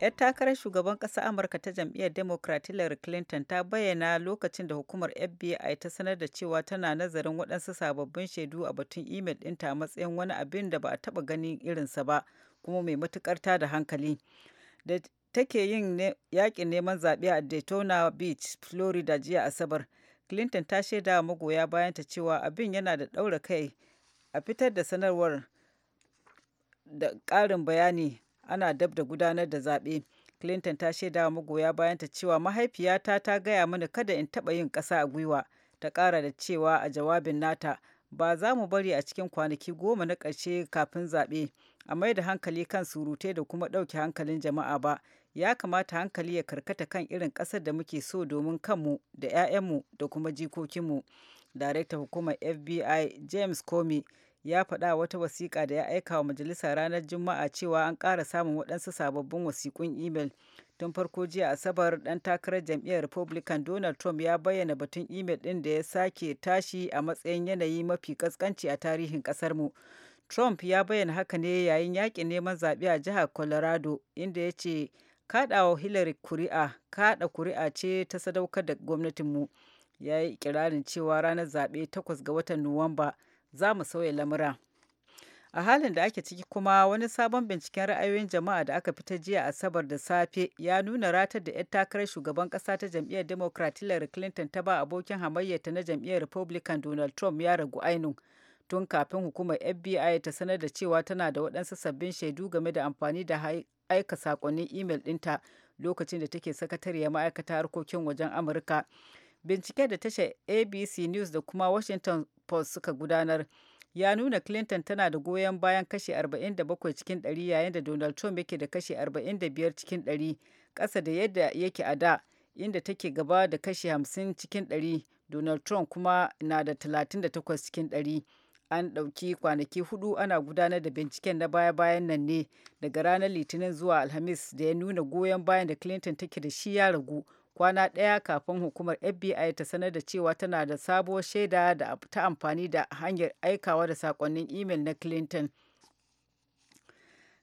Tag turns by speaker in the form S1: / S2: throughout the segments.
S1: 'yar takarar shugaban ƙasa amurka ta jam'iyyar democrat hillary clinton ta bayyana lokacin da hukumar fbi ta sanar da cewa tana nazarin waɗansu sababbin shaidu a batun imel ɗinta a matsayin wani abin da ba a taɓa ganin irinsa ba kuma mai matuƙar ta da hankali da take yin yaƙin neman zaɓe a daytona beach florida jiya asabar clinton ta shaida magoya bayanta cewa abin yana da ɗaura kai a fitar da sanarwar da ƙarin bayani ana dab da gudanar da zaɓe clinton ta shaida wa magoya ta cewa mahaifiyata ta gaya mana kada in taɓa yin ƙasa a gwiwa ta ƙara da cewa a jawabin nata ba za mu bari a cikin kwanaki goma na ƙarshe kafin zaɓe a mai da hankali kan surutai da kuma ɗauke hankalin jama'a ba ya kamata hankali ya karkata kan irin ƙasar da muke so domin kanmu da 'ya'yanmu da kuma jikokinmu darakta hukumar fbi james comey ya faɗa wata wasiƙa da ya aika wa majalisa ranar Juma'a cewa an ƙara samun waɗansu sababbin wasiƙun imel. Tun farko jiya Asabar ɗan takarar jam'iyyar Republican Donald Trump ya bayyana batun imel ɗin da ya sake tashi a matsayin yanayi mafi ƙasƙanci a tarihin ƙasarmu. Trump ya bayyana haka ne yayin yaƙin neman zaɓe a jihar Colorado inda ya ce kaɗawa Hillary kuri'a kaɗa kuri'a ce ta sadaukar da gwamnatinmu. Ya yi ikirarin cewa ranar zaɓe 8 ga watan Nuwamba za mu sauya lamura. a halin da ake ciki kuma wani sabon binciken ra'ayoyin jama'a da aka fita jiya asabar da safe ya nuna ratar da 'yar takarar shugaban ƙasa ta jam'iyyar democrat hillary clinton ta ba abokin hamayyarta na jam'iyyar republican donald trump ya ragu ainu tun kafin hukumar fbi ta sanar da cewa tana da waɗansu sabbin shaidu game da amfani da aika sakonnin imel ɗinta lokacin da take sakatariyar ma'aikata harkokin wajen amurka bincike da tashar abc news da kuma washington post suka gudanar ya nuna clinton tana da goyon bayan kashi 47 cikin 100 yayin da donald trump yake da kashi 45 cikin 100 ƙasa da yadda yake a da inda take gaba da kashi 50 cikin 100 donald trump kuma na da 38 cikin 100 an ɗauki kwanaki hudu ana gudanar da binciken na baya-bayan nan ne daga ranar litinin zuwa alhamis da ya nuna goyon bayan da clinton take da shi ya ragu kwana ɗaya kafin hukumar fbi ta sanar da cewa tana da sabuwar shaida da ta amfani da hanyar aikawa da sakonnin imel na clinton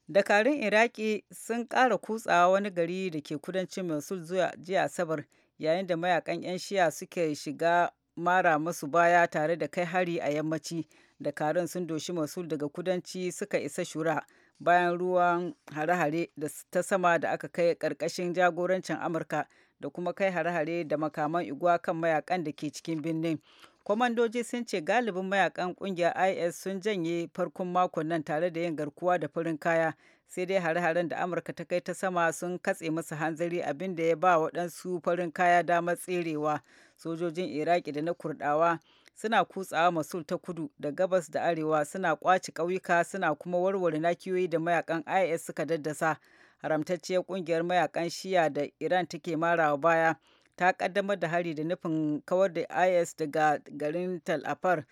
S1: dakarun iraki sun ƙara kutsawa wani gari da ke kudancin mosul zuwa jiya asabar yayin da mayakan 'yan shiya suke shiga mara masu baya tare da kai hari a yammaci dakarun sun doshi mosul daga kudanci suka isa shura bayan ruwan hare-hare da ta sama da aka kai ƙarƙashin jagorancin amurka da kuma kai hare-hare da makaman iguwa kan mayakan da ke cikin birnin kwamandoji sun ce galibin mayakan kungiyar is sun janye farkon makon nan tare da yin garkuwa da farin kaya sai dai hare-haren da amurka ta kai ta sama sun katse musu hanzari abin da ya ba waɗansu farin kaya damar tserewa sojojin iraki da na kurdawa suna kutsawa masul ta kudu da gabas da arewa suna kwaci ƙauyuka suna kuma warware nakiyoyi da mayakan is suka daddasa haramtacciyar kungiyar mayakan shiya da iran take marawa baya ta kaddamar da hari da nufin kawar da is daga garin tal afar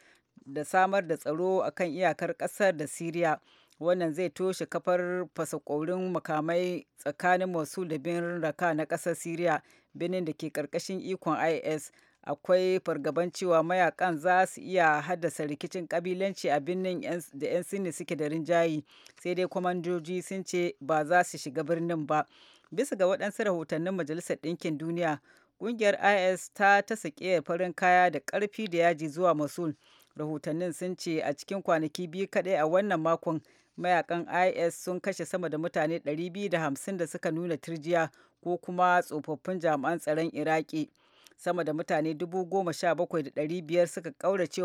S1: da samar da tsaro akan iyakar kasar da siriya wannan zai toshe kafar fasakorin makamai tsakanin mosul da birnin raka na kasar siriya binin da ke karkashin ikon is akwai fargaban cewa mayakan za su iya haddasa rikicin kabilanci a birnin da 'yan sinni suke da rinjayi sai dai kwamandoji sun ce ba za su shiga birnin ba bisa ga waɗansu rahotannin majalisar ɗinkin duniya ƙungiyar is ta ta sakiyar farin kaya da ƙarfi da yaji zuwa musul rahotannin sun ce a cikin kwanaki biyu kaɗai a wannan makon mayakan is sun kashe sama da mutane 250 da suka nuna turjiya ko kuma tsofaffin jami'an tsaron iraki sama da mutane biyar suka ƙaurace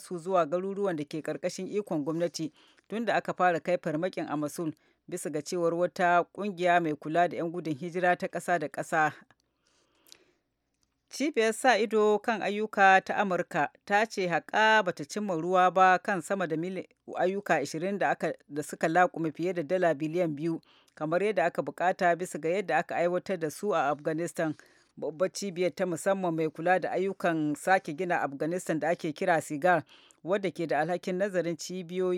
S1: su zuwa garuruwan da ke ƙarƙashin ikon gwamnati tunda aka fara kai farmakin a masul bisa ga cewar wata ƙungiya mai kula da 'yan gudun hijira ta ƙasa da ƙasa cibiyar sa ido kan ayyuka ta amurka ta ce haƙa bata cimma ruwa ba kan sama da ayyuka 20 da suka laƙume fiye da dala biliyan biyu kamar yadda aka bukata bisa ga yadda aka aiwatar da su a afghanistan babbar cibiyar ta musamman mai kula da ayyukan sake gina afghanistan da ake kira sigar wadda ke da alhakin nazarin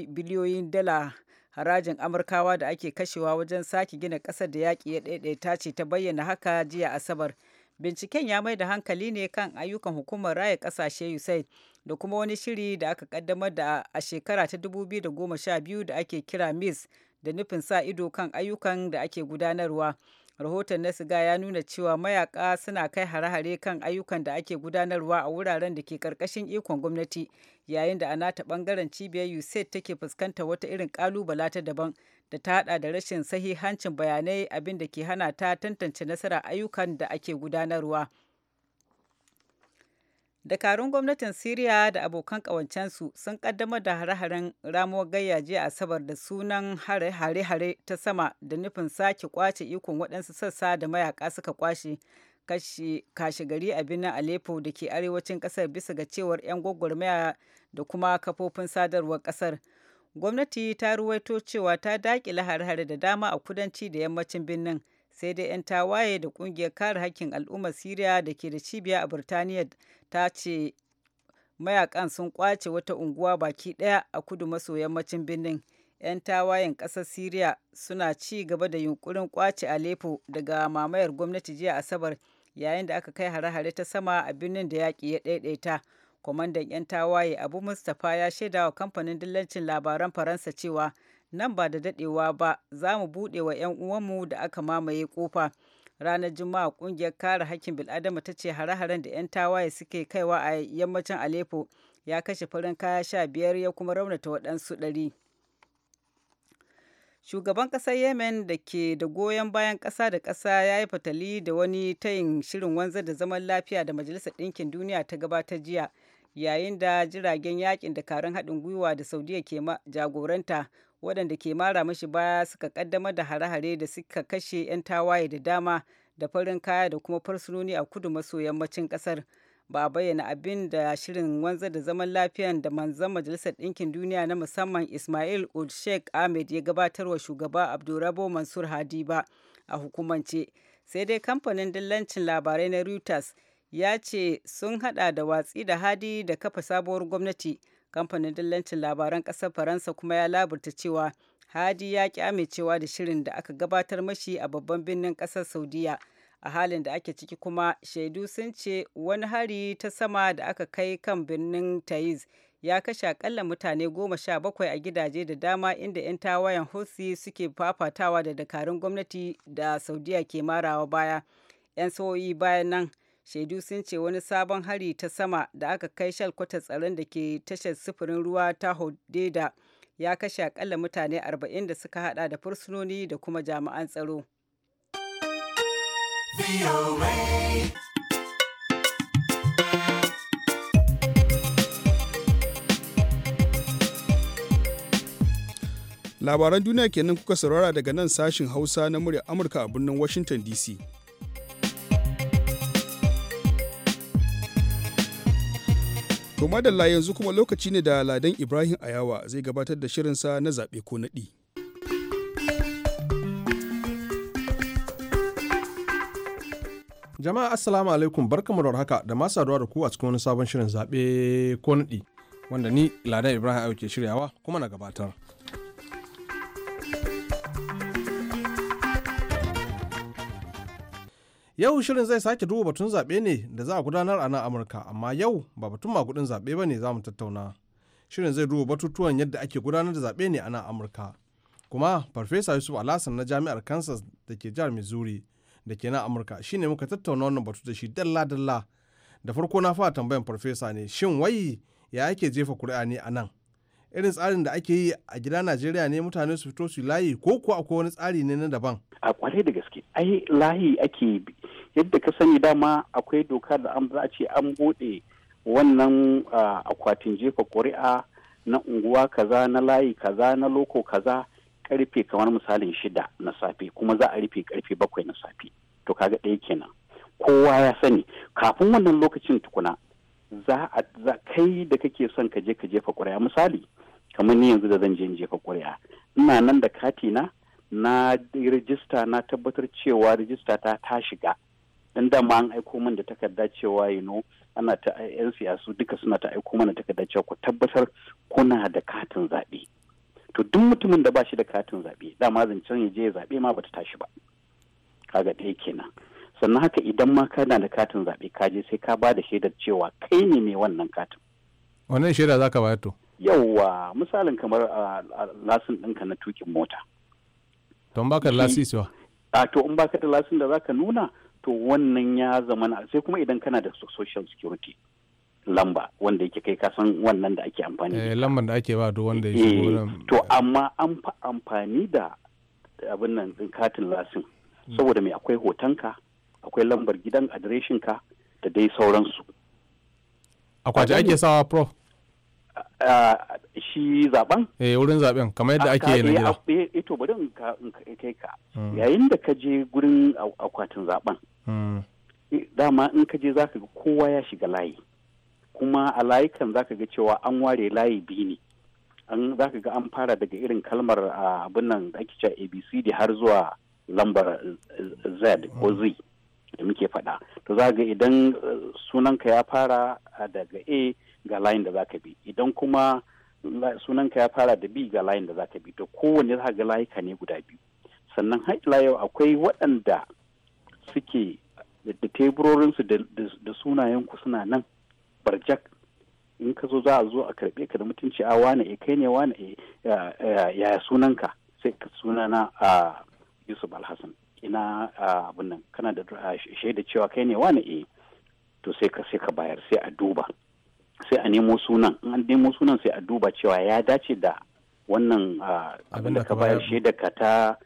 S1: biliyoyin dala harajin amurkawa da ake kashewa wajen sake gina ƙasar da yaƙi ya ɗaiɗaita ce ta bayyana haka jiya asabar binciken ya mai da hankali ne kan ayyukan hukumar raya ƙasashe usaid da kuma wani shiri da aka ƙaddamar da a shekara ta 2012 da ake kira mis da nufin sa ido kan ayyukan da ake gudanarwa rahoton na siga ya nuna cewa mayaka suna kai hare-hare kan ayyukan da ake gudanarwa a wuraren da ke karkashin ikon gwamnati yayin da ana ta bangaren cibiyar usaid take fuskanta wata irin kalubala ta daban da ta hada da rashin sahihancin bayanai abin da ke hana ta tantance nasarar ayyukan da ake gudanarwa dakarun gwamnatin syria da abokan ƙawancensu sun ƙaddamar da hare-haren ramuwar gayya jiya asabar da sunan hare-hare ta sama da nufin sake kwace ikon waɗansu sassa da mayaka suka kwashe kashe gari a birnin aleppo da ke arewacin ƙasar bisa ga cewar 'yan gwagwarmaya da kuma kafofin sadarwar ƙasar gwamnati ta ruwaito cewa ta daƙile hare-hare da dama a kudanci da yammacin birnin sai dai 'yan tawaye da kungiyar kare hakkin al'umma Siriya da ke da cibiya a Birtaniya ta ce mayakan sun kwace wata unguwa baki daya a kudu maso yammacin birnin. 'Yan tawayen ƙasar Siriya suna ci gaba da yunkurin kwace Aleppo daga mamayar gwamnati jiya Asabar yayin da aka kai hare-hare ta sama a birnin da yaƙi ya ɗaiɗaita. Kwamandan 'yan tawaye Abu Mustapha ya shaidawa kamfanin dillancin labaran Faransa cewa nan ba da daɗewa ba za mu buɗe wa 'yan uwanmu da aka mamaye kofa. Ranar Juma'a ƙungiyar kare hakkin bil'adama ta ce hare-haren da 'yan tawaye suke kaiwa a yammacin alepo ya kashe farin kaya sha biyar ya kuma raunata waɗansu ɗari. Shugaban ƙasar Yemen da ke da goyon bayan ƙasa da ƙasa ya yi fatali da wani tayin shirin wanzar da zaman lafiya da Majalisar Ɗinkin Duniya ta gabatar jiya. yayin da jiragen yakin dakarun haɗin gwiwa da saudiya ke jagoranta waɗanda ke mara mashi baya suka ƙaddamar da hare-hare da suka kashe 'yan tawaye da dama da farin kaya da kuma fursunoni a kudu maso yammacin ƙasar ba a bayyana abin da shirin wanzar da zaman lafiyan da manzan majalisar ɗinkin duniya na musamman ismail ul sheikh ahmed ya gabatarwa shugaba abdurabo mansur hadi ba a hukumance sai dai kamfanin dillancin labarai na reuters ya ce sun hada da watsi da hadi da kafa sabuwar gwamnati kamfanin dillancin labaran ƙasar faransa kuma ya laburta cewa hadi ya ki amincewa da shirin da aka gabatar mashi a babban birnin ƙasar saudiya a halin da ake ciki kuma shaidu sun ce wani hari ta sama da aka kai kan birnin taiz ya kashe akalla mutane goma sha bakwai a gidaje da dama inda 'yan tawayen hosi suke fafatawa da dakarun gwamnati da saudiya ke marawa baya 'yan sa'o'i bayan nan shaidu sun ce wani sabon hari ta sama da aka kai shalkwata tsaron da ke tashar sufurin ruwa ta hodeda ya kashe akalla mutane 40 da suka hada da fursunoni da kuma jami'an tsaro
S2: labaran duniya kenan kuka saurara daga nan sashin hausa na murya amurka a birnin washington dc To madalla yanzu kuma lokaci ne da Ladan Ibrahim Ayawa zai gabatar da shirinsa na zaɓe ko naɗi.
S3: Jama'a Assalamu alaikum barkamu da haka da masu saduwa da ku a cikin wani sabon shirin zaɓe ko naɗi wanda ni Ladan Ibrahim Ayawa ke shiryawa kuma na gabatar. Yau shirin zai sake duba batun zaɓe ne da za a gudanar a nan Amurka, amma yau ba batun makudin zaɓe ba ne za mu tattauna. Shirin zai duba batutuwan yadda ake gudanar da zaɓe ne a nan Amurka. Kuma Farfesa Yusuf Alhassan na Jami'ar Kansas da ke jihar Missouri da ke nan Amurka shine muka tattauna wannan batu da shi dalla-dalla. Da farko na fara tambayan Farfesa ne shin wai ya ake jefa kuri'a ne a nan? irin tsarin da ake yi a gida Najeriya ne mutane su fito su layi ko kuwa akwai wani tsari ne na daban? A kwarai da gaske, ai layi
S4: ake yadda ka sani dama akwai doka da an za ce an bude wannan akwatin jefa ƙuri'a na unguwa kaza na layi kaza na loko kaza karfe kamar misalin shida na safe kuma za a rufe karfe bakwai na safe to kaga ɗaya kenan kowa ya sani kafin wannan lokacin tukuna za a kai da kake son ka je ka jefa ƙuri'a misali kamar ni yanzu da zan je jefa ƙuri'a ina nan da katina na na rijista na tabbatar cewa rijista ta ta shiga dan dama an aiko min da takarda cewa you ana ta yan siyasu duka suna ta aiko mana takarda cewa ku tabbatar kuna da katin zaɓe to duk mutumin da ba shi da katin zaɓe dama zancen ya je zaɓe ma bata tashi ba kaga ɗaya kenan sannan haka idan ma kana da katin zaɓe ka je sai ka ba da shaidar cewa kai ne mai wannan katin
S3: wannan shaida zaka bayar to
S4: yawwa misalin kamar lasin ɗinka na tukin mota
S3: to in baka da lasisi
S4: a to in baka da lasin da zaka nuna to wannan ya zama sai kuma idan kana da social security lamba wanda yake kai kasan wannan da ake amfani
S3: da eh, lambar da ake ba duk wanda ya shigo eh,
S4: to amma an fa amfani da abin nan din katin lasin hmm. saboda mai akwai hotonka akwai lambar gidan adireshin ka da dai sauransu akwati ake sawa pro shi zaben
S3: eh wurin zaben kamar yadda ake na eh,
S4: gida eh to bari in kai ka hmm. yayin da ka je gurin akwatin zaben Mm. dama in ka je za ka ga kowa ya shiga layi kuma a layukan za ka ga cewa an ware layi biyu ne an za ka ga an fara daga irin kalmar abin nan da ake cewa abcd har zuwa lambar z ko z da muke faɗa to za ga idan eh, sunanka ya fara daga a ga layin da za ka bi idan kuma sunanka ya fara da b ga layin da za ka bi to kowanne za ga layuka ne guda biyu sannan ila yau akwai waɗanda suke da teburorinsu da sunayenku suna nan barjak in ka zo za a zo a karbe ka da mutunci a wane e kai ne wane e eh, yaya sunanka sai ka sunana a yusuf alhassan ina abin nan kana da shaida cewa kai ne wane e to sai ka sai ka bayar sai a duba sai a nemo sunan in an nemo sunan sai a duba cewa ya dace da wannan abin da ka bayar shaida ka ta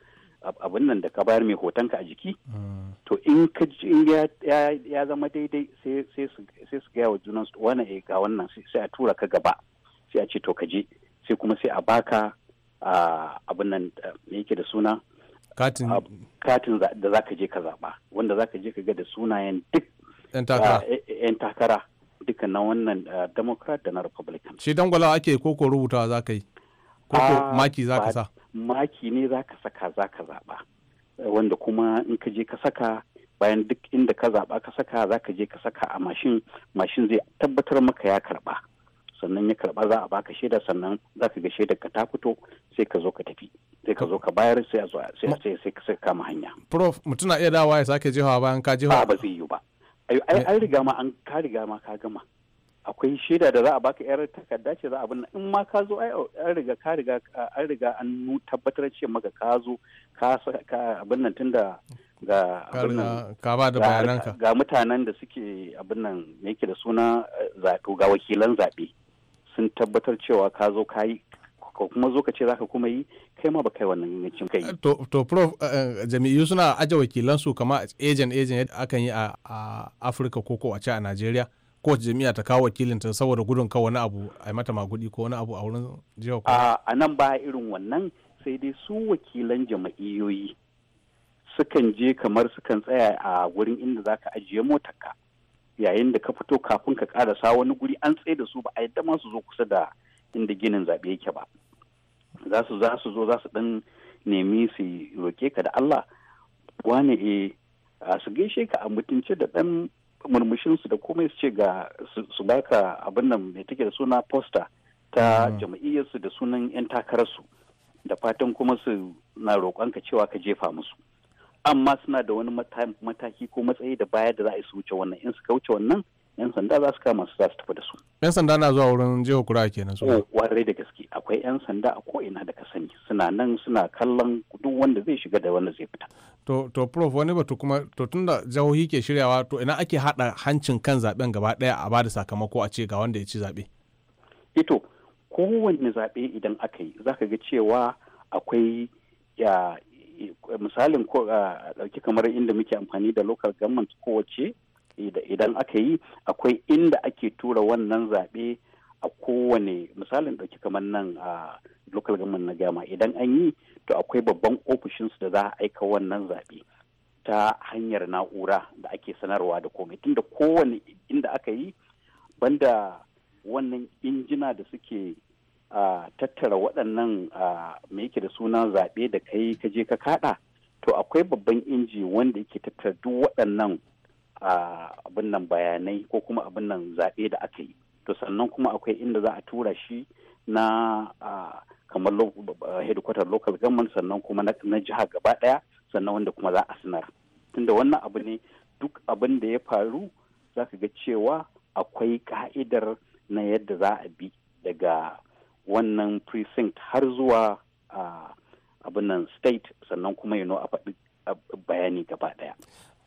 S4: abin nan da ka bayar mai hotonka a jiki mm. to in ka in ya zama daidai sai su gaya wa junan wani eh, ga wannan sai a tura ka gaba sai a ce to ka je sai kuma sai a baka abin nan da yake da suna katin da za ka je ka zaɓa wanda za ka je ka ga da sunayen duk
S3: 'yan
S4: takara e, dukkan na wannan democrat da na republican
S3: shi dangwala ake koko rubuta za ka yi
S4: ko ah, maki za ka sa maki ne za ka saka za ka zaɓa wanda kuma in ka je ka saka bayan duk inda ka zaɓa ka saka za ka je ka saka a mashin mashin zai tabbatar maka ya karɓa sannan ya karɓa za a baka shaida sannan za ka ga shaidar ka ta fito sai ka zo ka tafi sai ka zo ka bayar sai a zo sai sai ka kama hanya
S3: prof mutum na iya dawa ya sake jefa bayan ka jefa ba
S4: zai yi ba ai an riga ma an ka riga ma ka gama akwai shaida da za a baka yar takarda ce za a bin in ma ka zo an riga ka riga an riga an tabbatar ce maka ka zo ka abin nan tunda ga ka ba da bayananka ga mutanen da suke abin nan me yake da suna eh, zato ga wakilan zabe sun tabbatar cewa ka zo ka yi ko kuma zo ka ce zaka kuma yi kai ma ba kai wannan yancin kai
S3: to to prof eh, eh, jami'u suna aje wakilan su kamar agent agent akan yi a Afirka ko ko a ce a Najeriya kowace jami'a ta kawo wakilinta saboda gudun ka wani abu a mata magudi ko wani abu a wurin
S4: jihar ko a nan ba irin wannan sai dai su wakilan jama'iyoyi sukan je kamar sukan tsaya a wurin inda za ka ajiye motarka yayin da ka fito kafin ka karasa wani guri an tsaye da su ba a yadda masu su zo kusa da inda ginin zaɓe yake ba za su za su zo za su ɗan nemi su roke ka da Allah wane e su gaishe ka a mutunce da ɗan murmushin su da komai su ce ga su baka abin nan mai take da suna posta ta mm. jama'iyyarsu da sunan 'yan takararsu da fatan kuma su na ka cewa ka jefa musu amma suna da wani mataki ko matsayi da baya da za a su wuce wannan in suka wuce wannan yan sanda za su kama su za su tafi da su
S3: yan sanda na zuwa wurin jiho kura kenan su oh,
S4: warai da gaske akwai yan sanda a ko ina da ka sani suna nan suna kallon duk wanda zai shiga da wanda zai fita
S3: to to prof wani batu kuma to tunda jihohi ke shiryawa to ina ake hada hancin kan zaben gaba daya a bada sakamako a ce ga wanda ya ci zabe
S4: ito eh kowanne zaɓe idan aka yi za ga cewa akwai misalin ko a dauki kamar inda muke amfani da local government kowace idan aka yi akwai inda ake tura wannan zaɓe a kowane misalin ɗauki kamar nan a local government na gama idan an yi to akwai babban ofishinsu da za a aika wannan zaɓe ta hanyar na'ura da ake sanarwa da komai tunda kowane inda aka yi banda wannan injina da suke a tattara waɗannan mai yake da suna zaɓe da kai ka je ka kaɗa to akwai babban inji wanda yake tattara duk waɗannan abin nan bayanai ko kuma abin nan zaɓe da aka yi to sannan kuma akwai inda za a tura shi na kamar headquarter local government sannan kuma na jiha gaba ɗaya sannan wanda kuma za a sanar tunda wannan abu ne duk abin da ya faru za ka ga cewa akwai ka'idar na yadda za a bi daga wannan precinct har zuwa abin nan state sannan kuma yano a faɗi bayani gaba ɗaya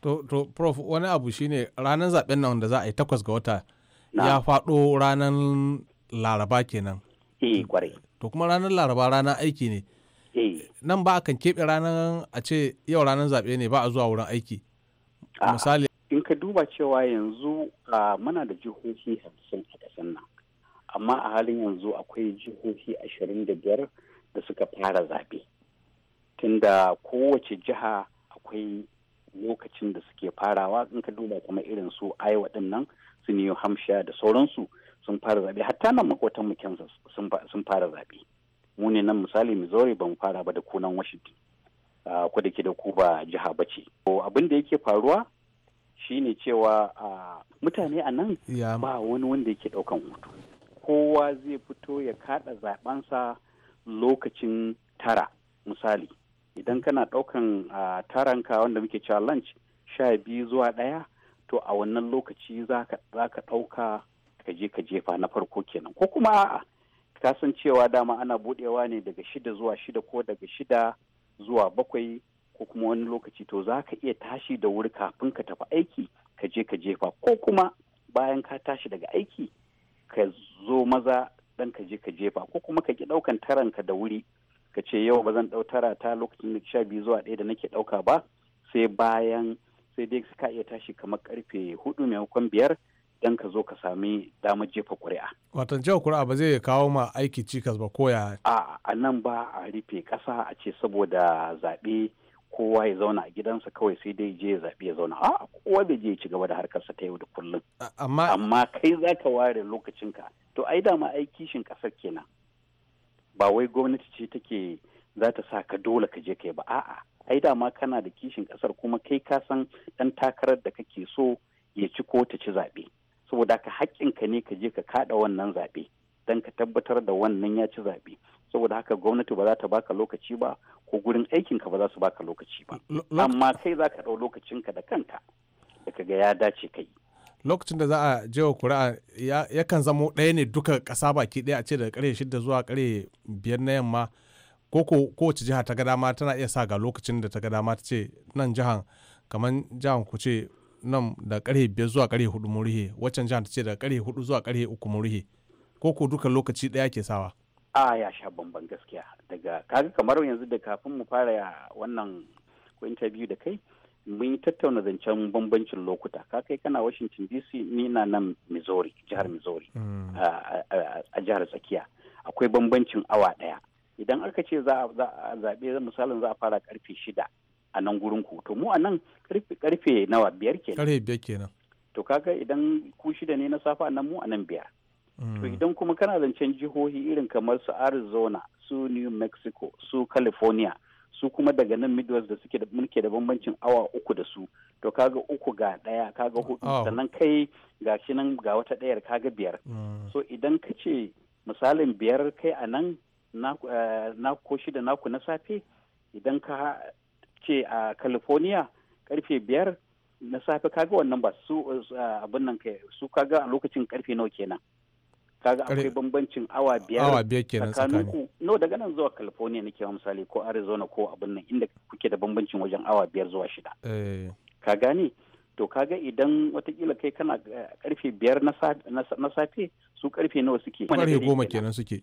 S3: to to prof wani abu shine ranar zaben nan da za a yi takwas ga wata ya faɗo ranar laraba kenan eh kwarai to kuma ranar laraba ranar aiki ne eh. nan ba a kan keɓe ranar a ce yau ranar zaɓe ne ba a zuwa wurin aiki misali
S4: in ka duba cewa yanzu muna da jihohi hamsin a ƙasar nan amma a halin yanzu akwai jihohi ashirin da biyar da suka fara zaɓe tunda kowace jiha akwai lokacin da suke farawa in ka duba kuma irin su Iowa din nan su New Hampshire da sauransu sun fara zaɓe hatta nan makotan mu Kansas sun fara zaɓe mu ne nan misali Missouri ban fara ba da kunan Washington ko da ke da ku ba jiha bace to abin da yake faruwa shine cewa mutane a nan ba wani wanda yake daukan hutu kowa zai fito ya kada zaɓensa lokacin tara misali idan kana ɗaukan taranka wanda muke cewa lunch sha biyu zuwa ɗaya to a wannan lokaci za ka ɗauka ka je ka jefa na farko kenan ko kuma a'a ka san cewa dama ana buɗewa ne daga shida zuwa shida ko daga shida zuwa bakwai ko kuma wani lokaci to za ka iya tashi da wuri kafin ka tafi aiki ka je ka jefa ko kuma bayan ka tashi daga aiki ka zo maza ɗan ka je ka jefa ko kuma ka ki ɗaukan taranka da wuri ka ce yau ba zan ɗau tara ta lokacin da sha biyu zuwa ɗaya da nake ɗauka ba sai bayan sai dai ka iya tashi kamar karfe hudu maimakon biyar dan ka zo ka sami damar jefa ƙuri'a.
S3: Watan jefa ƙuri'a ba zai kawo ma aiki cikas ba koya?
S4: A a nan ba a rufe ƙasa a ce saboda zaɓe kowa ya zauna a gidansa kawai sai dai je zaɓe ya zauna a kowa da je ya ci gaba da harkarsa ta yau da kullum. Amma kai za ka ware lokacinka to ai dama ai kishin ƙasar kenan. ba wai gwamnati ce take za ta sa ka dole ka je kai ba a'a ai da ma kana da kishin kasar kuma kai ka san dan takarar da kake so ya ci ko ta ci zaɓe saboda ka ka ne ka je ka kaɗa wannan zaɓe dan ka tabbatar da wannan ya ci zaɓe saboda haka gwamnati ba za ta baka lokaci ba ko gurin aikinka ba za su baka lokaci ba amma kai za ka ɗau ka da kanka da ga ya dace kai
S3: lokacin da za a je wa kuri'a yakan zamo ɗaya ne duka ƙasa baki ɗaya a ce daga ƙarfe shida zuwa ƙarfe biyar na yamma ko kowace jiha ta ga dama tana iya sa ga lokacin da ta ga dama ta ce nan jihan kamar jihan ku ce nan da ƙarfe biyar zuwa ƙarfe hudu mun rihe waccan jihan ta ce daga ƙarfe hudu zuwa ƙarfe uku mun rihe ko ko duka lokaci ɗaya ke sawa.
S4: a ya sha bamban gaskiya daga kaga kamar yanzu da kafin mu fara wannan interview da kai mun yi tattauna zancen bambancin lokuta ka kai kana washington dc ni na nan missouri jihar missouri mm. a jihar tsakiya akwai bambancin awa daya idan aka ce za a zaɓe misalin za a fara karfe shida a nan gurin ku to mu a nan karfe nawa biyar kenan karfe biyar kenan to kaga idan ku shida ne na safa nan mu a nan biyar mm. to idan kuma kana zancen jihohi irin kamar su arizona su new mexico su california su kuma daga nan midwest da suke muke da bambancin awa uku da su to kaga uku ga daya kaga hudu oh. sannan kai ga shi nan ga wata dayar kaga biyar mm. so idan ka ce misalin biyar kai a nan na eh, ko shida naku na safe idan ka ce a california karfe biyar na safe kaga wannan ba su eh, abin nan kai su kaga a lokacin karfe nawa kenan kaga akwai bambancin awa biyar awa biyar kenan tsakanin ku no daga nan zuwa california nake wa misali ko arizona ko abin nan inda kuke da bambancin wajen awa biyar zuwa shida eh. ka gane to kaga idan watakila kai kana eh, karfe biyar na safe su karfe nawa suke karfe goma kenan suke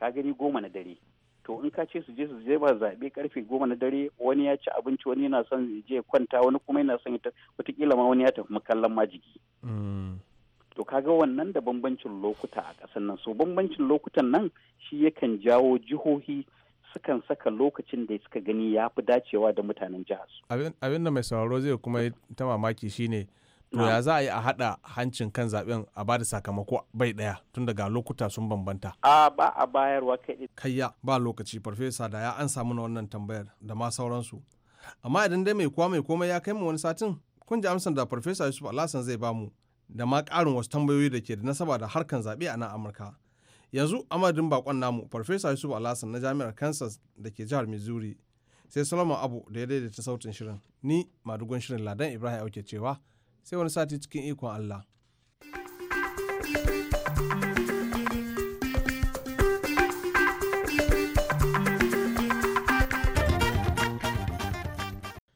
S4: ka gani goma na dare to in ka ce su je su je ba zaɓe karfe goma na dare wani ya ci abinci wani yana son je kwanta wani kuma yana son watakila ma wani ya tafi makallan majigi mm. to kaga wannan da bambancin lokuta a ƙasar nan so bambancin lokutan nan shi yakan jawo jihohi sukan saka lokacin da suka gani ya fi dacewa da mutanen jihar
S3: su. abin da mai sauraro zai kuma ta mamaki shine to ya za a yi a haɗa hancin kan zaɓen a bada sakamako bai ɗaya tun daga lokuta sun bambanta a ba a bayarwa kai kayya ba lokaci farfesa da ya an samu na wannan tambayar da ma sauransu amma idan dai mai kwa mai komai ya kai mu wani satin kun ji amsar da farfesa yusuf alhassan zai bamu da ma ƙarin wasu tambayoyi da ke da nasaba da harkan zaɓe a nan Amurka. Yanzu amadin bakon namu Farfesa Yusuf Alhassan na Jami'ar Kansas da ke jihar Missouri sai Solomon Abu da ya daidaita sautin shirin ni madugon shirin Ladan Ibrahim Auke cewa sai wani sati cikin ikon Allah.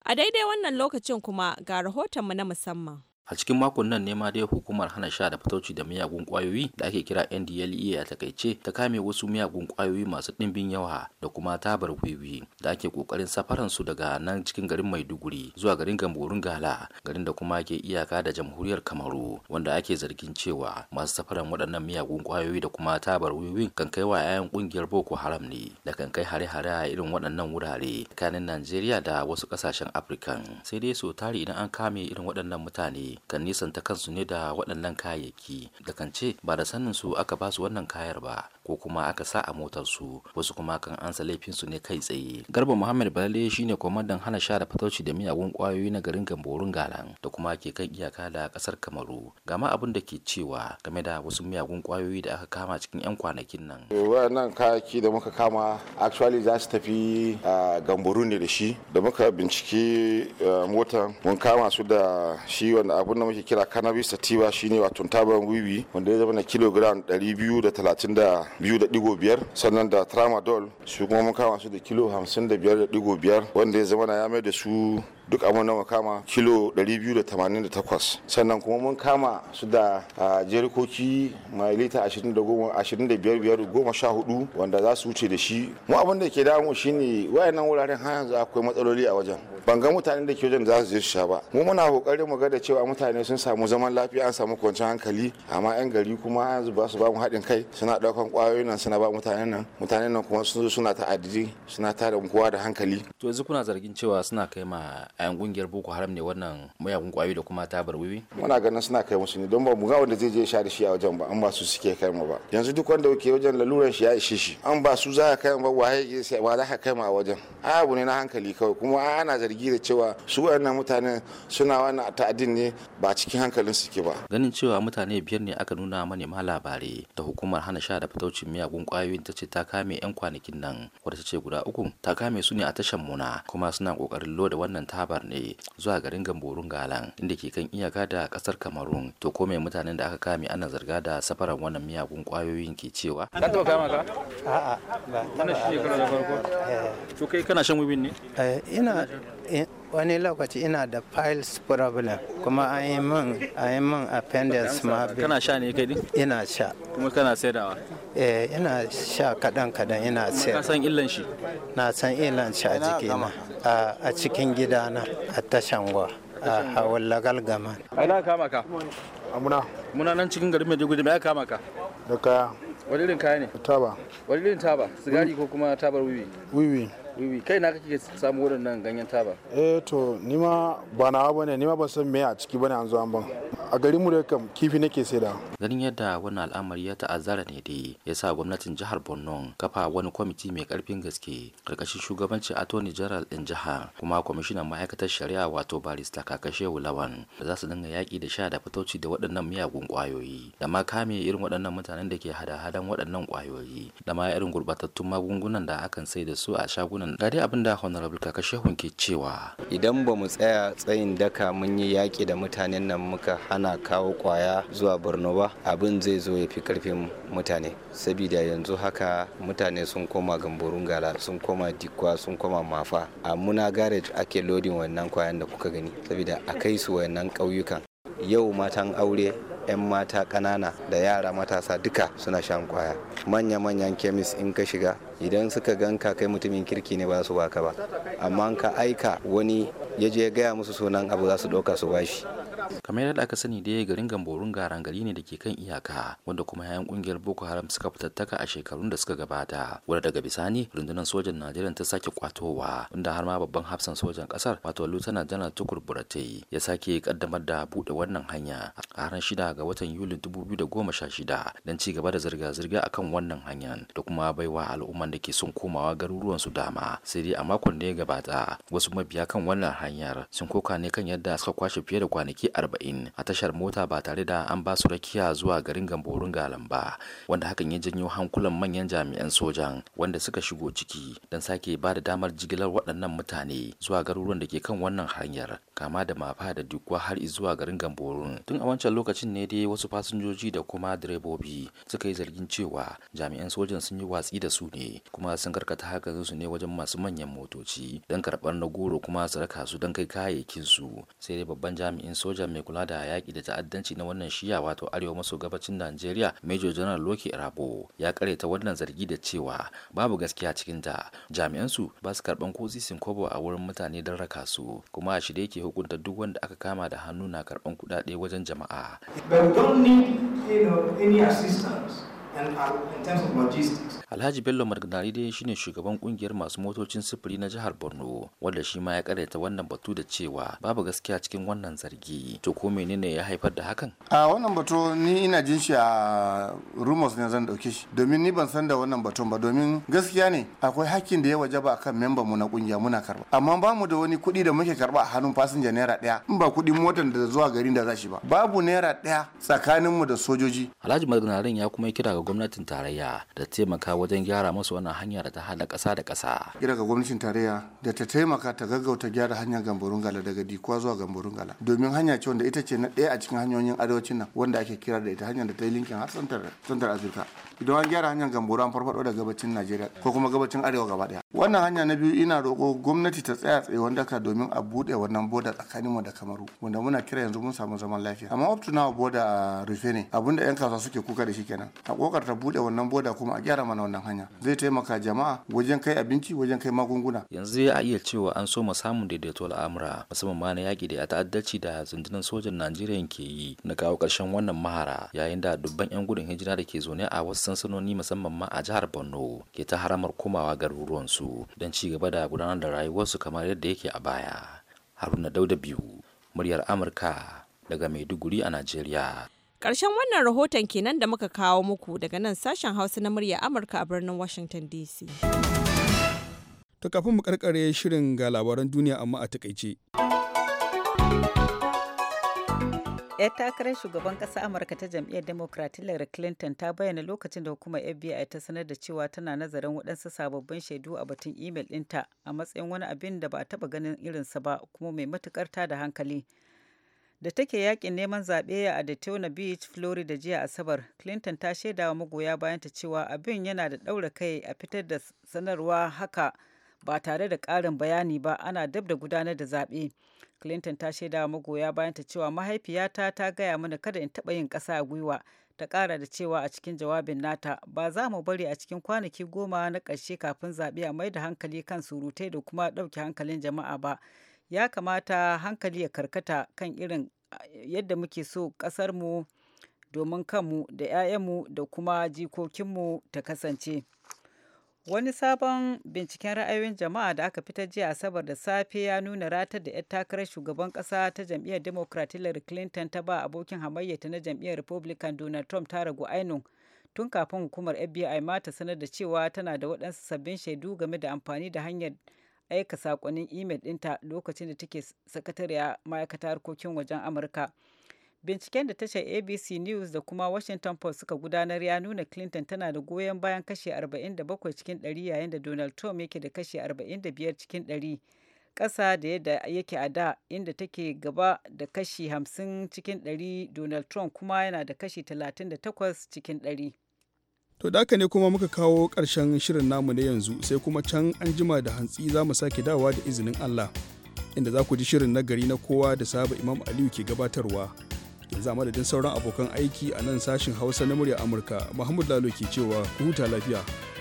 S1: A daidai wannan lokacin kuma ga rahotonmu na musamman.
S5: a cikin makon nan ne ma dai hukumar hana sha da fitoci da miyagun kwayoyi da ake kira ndlea a takaice ta kame wasu miyagun kwayoyi masu ɗimbin yawa da kuma tabar wiwi da ake kokarin safaran su daga nan cikin garin maiduguri zuwa garin gamborun gala garin da kuma ke iyaka da jamhuriyar kamaru wanda ake zargin cewa masu safaran waɗannan miyagun kwayoyi da kuma tabar wiwi kan kai wa 'ya'yan ƙungiyar boko haram ne da kan kai hare-hare a irin waɗannan wurare tsakanin najeriya da wasu ƙasashen afirka sai dai so tari idan an kame irin waɗannan mutane kan nisanta kansu ne da waɗannan kayayyaki da kan ce ba da sanin su aka ba su wannan kayar ba ko kuma aka sa a motar su wasu kuma kan ansa laifin su ne kai tsaye garba muhammad balale shine kwamandan hana sha da fatauci da miyagun kwayoyi na garin gamborun galan da kuma ke kan iyaka da kasar kamaru ga ma abin da ke cewa game da wasu miyagun kwayoyi
S6: da aka kama cikin yan kwanakin nan eh, wannan kayaki da muka kama actually za su tafi gamboru ne da shi da muka bincike motar mun kama su da shi wanda abin da muke kira cannabis sativa shine wato tabar wiwi wanda ya zama na kilogram 230 biyu da digo biyar sannan da tramadol su kuma mun kama su da kilo hamsin da biyar da digo biyar wanda ya zama na ya mai da su duk abin da kama kilo 288 sannan kuma mun kama su da jerikoki mai lita 25 wanda za su wuce da shi mu abin da ke damu shine wayannan wuraren har yanzu akwai matsaloli a wajen ban ga mutanen da ke wajen za su je su sha ba mu muna kokarin mu ga da cewa mutane sun samu zaman lafiya an samu kwanciyar hankali amma yan gari kuma yanzu ba su ba mu haɗin kai suna ɗaukan kwayoyin nan suna ba mutanen nan mutanen nan kuma sun suna ta'addidi suna tada unguwa da hankali
S5: to yanzu kuna zargin cewa suna kai ma ayan gungiyar boko haram ne wannan mayagun kwayoyi
S6: da kuma tabar wiwi muna ganin suna kai musu ne don ba mu ga wanda zai je sha da shi a wajen ba an ba su suke kai ma ba yanzu duk wanda ke wajen laluran shi ya ishe shi an ba su za ka kai ma waye sai ba za ka kai ma a wajen abu ne na hankali kawai kuma ana zargi da cewa su wayannan mutanen suna wannan ta'adin ne ba cikin hankalin suke ba
S5: ganin cewa mutane biyar ne aka nuna manema labarai da hukumar hana sha da fito fataucin miyagun kwayoyin ta ce ta kame 'yan kwanakin nan wadda ta ce guda uku ta kame su ne a tashan muna kuma suna kokarin loda wannan tabar ne zuwa garin gamborun galan inda ke kan iyaka da kasar kamarun to ko mai mutanen da aka kame ana zarga da safaran wannan miyagun kwayoyin ke cewa ka taba kama ka
S2: a'a ba wannan shi kana da farko eh, eh.
S5: to kai kana shan wibin ne eh ina eh, wani lokaci ina da piles problem kuma an yi min yi appendix ma bi kana sha ne kai ina sha kuma kana saidawa eh ina sha kadan kadan ina sayar san illan shi na san illan shi a jikina a cikin gidana a tashan gwa a hawan lagal gama ina kama ka amuna muna nan cikin garin Maiduguri da mai kama ka da kaya wani irin kaya ne taba wani irin taba sigari ko kuma tabar wiwi wiwi wiwi kai na kake samu waɗannan ganyen
S2: taba eh to nima ba nawa ne nima ban san me a ciki bane an zo an ban a garin mu da kam kifi nake saida
S5: ganin yadda wannan al'amari ya ta'azzara ne dai ya sa gwamnatin jihar Borno kafa wani kwamiti mai karfin gaske karkashin shugabanci attorney general din jihar kuma kwamishinan ma'aikatar shari'a wato barista kakashe lawan da za su dinga yaki da sha da fitoci da waɗannan miyagun kwayoyi da ma kame irin waɗannan mutanen da ke hada-hadan waɗannan kwayoyi da ma irin gurbatattun magungunan da akan sai da su a shagunan ga dai abin da honorable kakashehun ke cewa idan ba mu tsaya tsayin daka mun yi yaki da mutanen nan muka hana ana kawo kwaya zuwa borno ba abin zai zo ya fi karfin mutane sabida yanzu haka mutane sun koma gamborun gala sun koma dikwa sun koma mafa a muna garage ake lodin wannan kwayan da kuka gani sabida a kai su wannan ƙauyukan yau matan aure 'yan mata ƙanana da yara matasa duka suna shan kwaya manya-manyan kemis in ka shiga idan suka ganka kai mutumin kirki ne ba su baka ba amma ka aika wani ya je gaya musu sunan abu za su ɗauka su bashi kamar yadda aka sani dai garin gamborun garan gari ne da ke kan iyaka wanda kuma yayan kungiyar boko haram suka fitattaka a shekarun da suka gabata wanda daga bisani rundunar sojan najeriya ta sake kwatowa inda har ma babban hafsan sojan kasar wato lieutenant janar tukur buratai ya sake kaddamar da bude wannan hanya a ranar shida ga watan yuli 2016 don ci gaba da zirga-zirga akan wannan hanyar da kuma baiwa al'umman da ke son komawa garuruwan su dama sai dai a makon da ya gabata wasu mabiya kan wannan hanyar sun koka ne kan yadda suka kwashe fiye da kwanaki arba'in a tashar mota ba tare da an ba su rakiya zuwa garin gamborin galan ba wanda hakan ya janyo hankulan manyan jami'an sojan wanda suka shigo ciki don sake ba da damar jigilar waɗannan mutane zuwa garuruwan da ke kan wannan hanyar kama da mafa da dukwa har zuwa garin gamborun tun a wancan lokacin ne dai wasu fasinjoji da kuma direbobi suka yi zargin cewa jami'an sojan sun yi watsi da su ne kuma sun karkata haka su ne wajen masu manyan motoci don karɓar na goro kuma su raka su don kai kayayyakin su sai dai babban jami'in soja mai kula da yaƙi da ta'addanci na wannan shiya wato arewa maso gabacin najeriya major general loki rabo ya ta wannan zargi da cewa babu gaskiya cikin ta jami'an su ba su karɓan ko sisin kobo a wurin mutane don raka su kuma a da yake hukunta duk wanda aka kama da hannu na karɓan kuɗaɗe wajen jama'a. But we
S4: don't
S2: need you know, any assistance. Uh,
S5: Alhaji Bello Margari dai shine shugaban kungiyar masu motocin sufuri na jihar Borno wanda shi ma ya karyata wannan batu da cewa babu gaskiya cikin wannan zargi. To ko menene ya haifar da hakan?
S7: A wannan batu ni ina jin shi a rumors ne zan dauke shi domin ni ban san da wannan batun ba domin gaskiya ne akwai hakkin da ya wajaba akan member mu na kungiya muna karba amma ba mu da wani kuɗi da muke karba a hannun fasinja naira ɗaya in ba kuɗin motar da zuwa garin da za shi ba babu naira ɗaya mu da sojoji. Alhaji Margarin ya kuma kira ga gwamnatin tarayya
S5: da taimaka wajen gyara masu wannan hanya da ta hada kasa da kasa.
S7: Kira ga gwamnatin tarayya da ta taimaka ta gaggauta gyara hanyar gamburun gala daga dikuwa zuwa gamburun gala domin hanya ce wanda ita ce na ɗaya a cikin hanyoyin arewacin nan wanda ake kira da ita hanyar da ta yi linkin har santar Afirka. don an gyara hanyar gamboro an farfado da gabacin najeriya ko kuma gabacin arewa gaba daya wannan hanya na biyu ina roko gwamnati ta tsaya tsaye daka domin a buɗe wannan boda tsakaninmu da kamaru wanda muna kira yanzu mun samu zaman lafiya amma up to now boda rufe ne abinda yan kasuwa suke kuka da shi kenan a kokar ta buɗe wannan boda kuma a gyara mana wannan hanya zai taimaka jama'a wajen kai abinci wajen kai magunguna
S5: yanzu a iya cewa an so mu samun daidaito al'amura musamman ma na yaƙi da ta'addaci da zindinan sojan najeriya ke yi na kawo ƙarshen wannan mahara yayin da dubban yan gudun hijira da ke zaune a wasu sansanoni musamman ma a jihar Borno ke ta haramar komawa garuruwansu don ci gaba da gudanar da rayuwarsu kamar yadda yake a baya. Haruna Dauda biyu, muryar Amurka daga Maiduguri a nigeria.
S1: Ƙarshen wannan rahoton kenan da muka kawo muku daga nan sashen Hausa na murya Amurka a birnin Washington DC.
S2: To kafin mu karkare shirin ga labaran duniya amma a takaice.
S1: 'yar takarar shugaban ƙasa amurka ta jam'iyyar democrat hillary clinton ta bayyana lokacin da hukumar fbi ta sanar da cewa tana nazarin waɗansu sababbin shaidu a batun imel ɗinta a matsayin wani abin da ba a taɓa ganin irinsa ba kuma mai matuƙar da hankali da take yakin neman zaɓe a daytona beach florida jiya asabar clinton ta shaidawa magoya bayanta cewa abin yana da ɗaura kai a fitar da sanarwa haka ba tare da ƙarin bayani ba ana dab da gudanar da zaɓe clinton ta shaida magoya bayan ta cewa mahaifiyata ta gaya mana kada in taɓa yin ƙasa a gwiwa ta ƙara da cewa a cikin jawabin nata ba za mu bari a cikin kwanaki goma na ƙarshe kafin zaɓe a mai da hankali kan surutai da kuma ɗauke hankalin jama'a ba ya kamata hankali ya karkata kan irin yadda muke so mu domin kanmu da 'ya'yanmu da kuma jikokinmu ta kasance. Wani sabon binciken ra'ayoyin jama'a da aka fitar jiya Asabar da safe ya nuna ratar da 'yar takarar shugaban ƙasa ta jam'iyyar Democrat Hillary Clinton ta ba abokin hamayyata na jam'iyyar Republican Donald Trump ta ragu ainun tun kafin hukumar FBI ma ta sanar da cewa tana da waɗansu sabbin shaidu game da amfani da hanyar aika sakonnin imel ɗinta lokacin da take sakatariya ma'aikatar harkokin wajen Amurka. Binciken da tashar ABC News da kuma Washington Post suka gudanar ya nuna Clinton tana da goyon bayan kashi 47 cikin 100 yayin da Donald Trump yake da kashi 45 cikin 100 ƙasa da yadda yake a da inda take gaba da kashi 50 cikin 100 Donald Trump kuma yana da kashi 38 cikin 100.
S2: To daka ne kuma muka kawo karshen shirin namu na yanzu sai kuma can an jima da hantsi za mu sake dawa da izinin Allah inda za ku ji shirin nagari na kowa da saba Imam Aliyu ke gabatarwa. yanzu a madadin sauran abokan aiki a nan sashin hausa na murya amurka muhammadu lalo ke cewa huta lafiya